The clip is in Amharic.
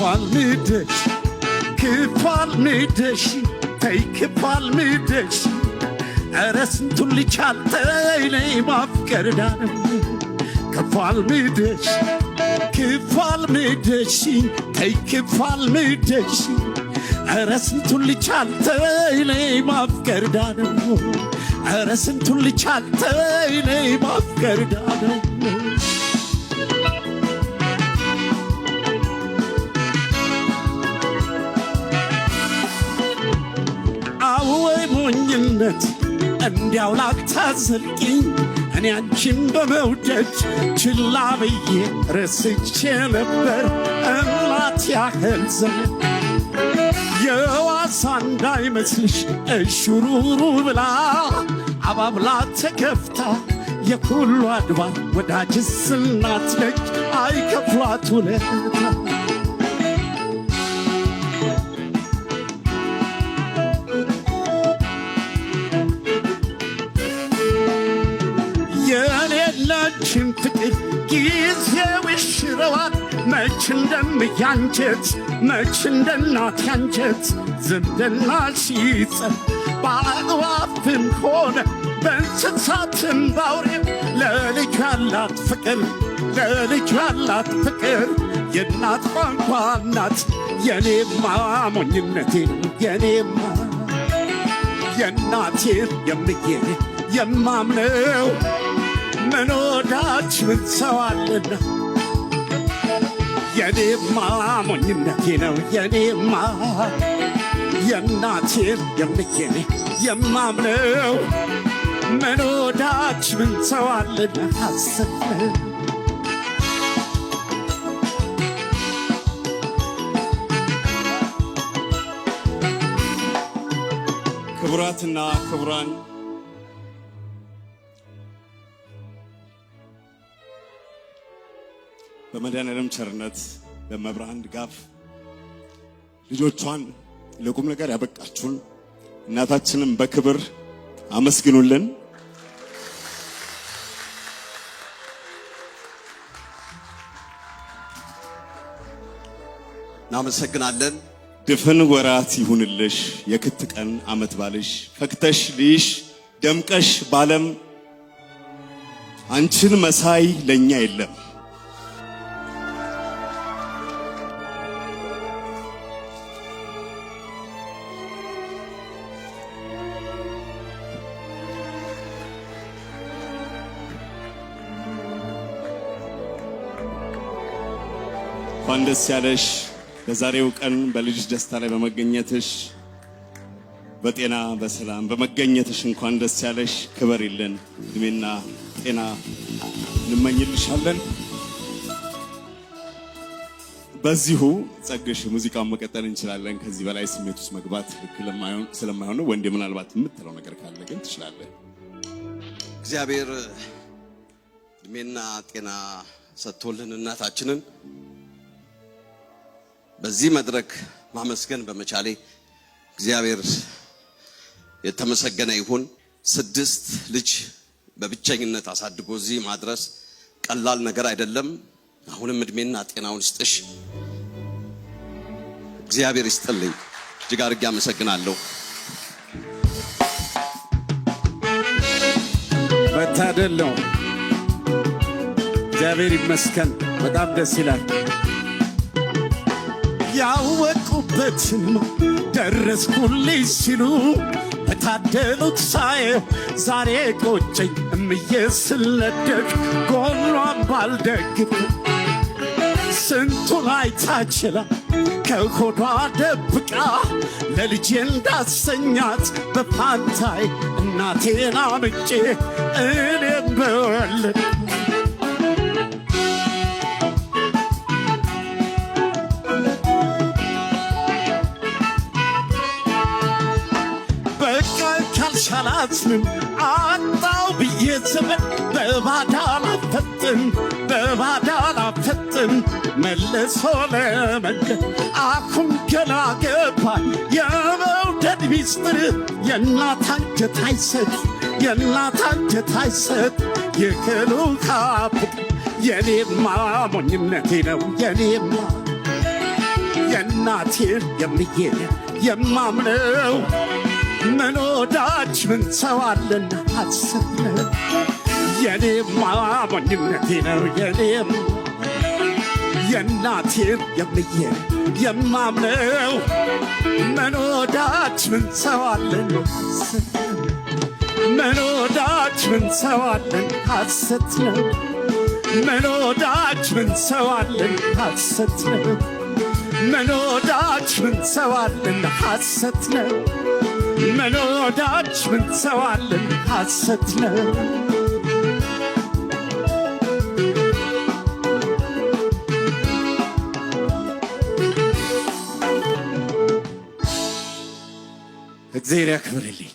palmidesi Kı palmidesi Peyki palmidesi Eresin tulli çalteyle mafkerden Kıpalmidesi Kıpalmidesi Teykıpalmidesi እረስንቱን ልቻልተይ ነይ ማፍቀርዳ ነው እረስንቱን ልቻልተይ ነይ ማፍቀርዳ ነው ነት እንዲያው ላታዘልቂኝ እኔ አንቺን በመውደድ ችላ ብዬ ረስቼ ነበር እናት ያህል ዘመን የዋሳ እንዳይመስልሽ እሹሩሩ ብላ አባብላ ተከፍታ የኩሉ አድባር ወዳጅስ እናት ነች አይከፍሏት ውለታ ያንቺን ፍቅር ጊዜው ይሽረዋል። መች እንደምያንቸት መች እንደናት ያንቸት ዝምድናሽ ይጸን በአዕዋፍም ሆነ በእንስሳትም ባውሬም ለልጁ ያላት ፍቅር ለልጁ ያላት ፍቅር የእናት ቋንቋ ናት። የኔማ ሞኝነቴ የኔማ የእናቴ የምዬ የማምነው ምንወዳችን ሰዋልና የኔማ ሞኝነቴ ነው የኔማ የእናቴን የምኬኔ የማምነው ምንወዳችን ሰዋልና ሐሰት ክቡራትና ክቡራን በመድኃኒዓለም ቸርነት ለመብርሃን ድጋፍ ልጆቿን ለቁም ነገር ያበቃችሁን እናታችንን በክብር አመስግኑልን። እናመሰግናለን። ድፍን ወራት ይሁንልሽ የክት ቀን አመት ባልሽ ፈክተሽ ልይሽ ደምቀሽ ባለም አንቺን መሳይ ለእኛ የለም። እንኳን ደስ ያለሽ በዛሬው ቀን በልጅሽ ደስታ ላይ በመገኘትሽ በጤና በሰላም በመገኘትሽ እንኳን ደስ ያለሽ። ክበሪልን እድሜና ጤና እንመኝልሻለን። በዚሁ ጸግሽ ሙዚቃውን መቀጠል እንችላለን። ከዚህ በላይ ስሜት ውስጥ መግባት ስለማይሆን ወንዴ፣ ምናልባት የምትለው ነገር ካለ ግን ትችላለን። እግዚአብሔር እድሜና ጤና ሰጥቶልን እናታችንን በዚህ መድረክ ማመስገን በመቻሌ እግዚአብሔር የተመሰገነ ይሁን። ስድስት ልጅ በብቸኝነት አሳድጎ እዚህ ማድረስ ቀላል ነገር አይደለም። አሁንም እድሜና ጤናውን ይስጥሽ፣ እግዚአብሔር ይስጥልኝ። እጅግ አድርጌ አመሰግናለሁ። መታደል ነው። እግዚአብሔር ይመስገን። በጣም ደስ ይላል። ያወቁበት ደረስኩልሽ ሲሉ በታደሉት ሳየው ዛሬ ቆጨኝ እምዬ ስለደግ ጎኗን ባልደግፍ ስንቱን አይታችላ ከሆዷ ደብቃ ለልጄ እንዳሰኛት በፋንታይ እናቴን አምጬ እኔም በወለድ አልቻላትም። አጣው ብዬ ዘመን በባዳን አፈጥን በባዳን አፈጥን መልሶ ለመንገድ አሁን ገና ገባኝ የመውደድ ሚስጥር የእናት አንጀት አይሰጥ የእናት አንጀት አይሰጥ የክሉ ካብቅ የኔማ ሞኝነቴ ነው የኔማ የእናቴን የምዬ የማምነው ምን ወዳጅ ምን ሰው አለና አስብ የኔማ ሞኝነቴ ነው የኔም የእናቴም የምዬ የማምነው ምን ወዳጅ ምን ሰው አለን ሐሰት ምን ሰው አለን ሐሰት ነው መኖዳች ወዳጅ ምን ሰው አለን ሐሰት ነው ምን ወዳጅ ምን ሰው አለን ሐሰት ነው መኖዳጅ ምንሰዋለን ሐሰት ነው። እግዚአብሔር ያክብርልኝ።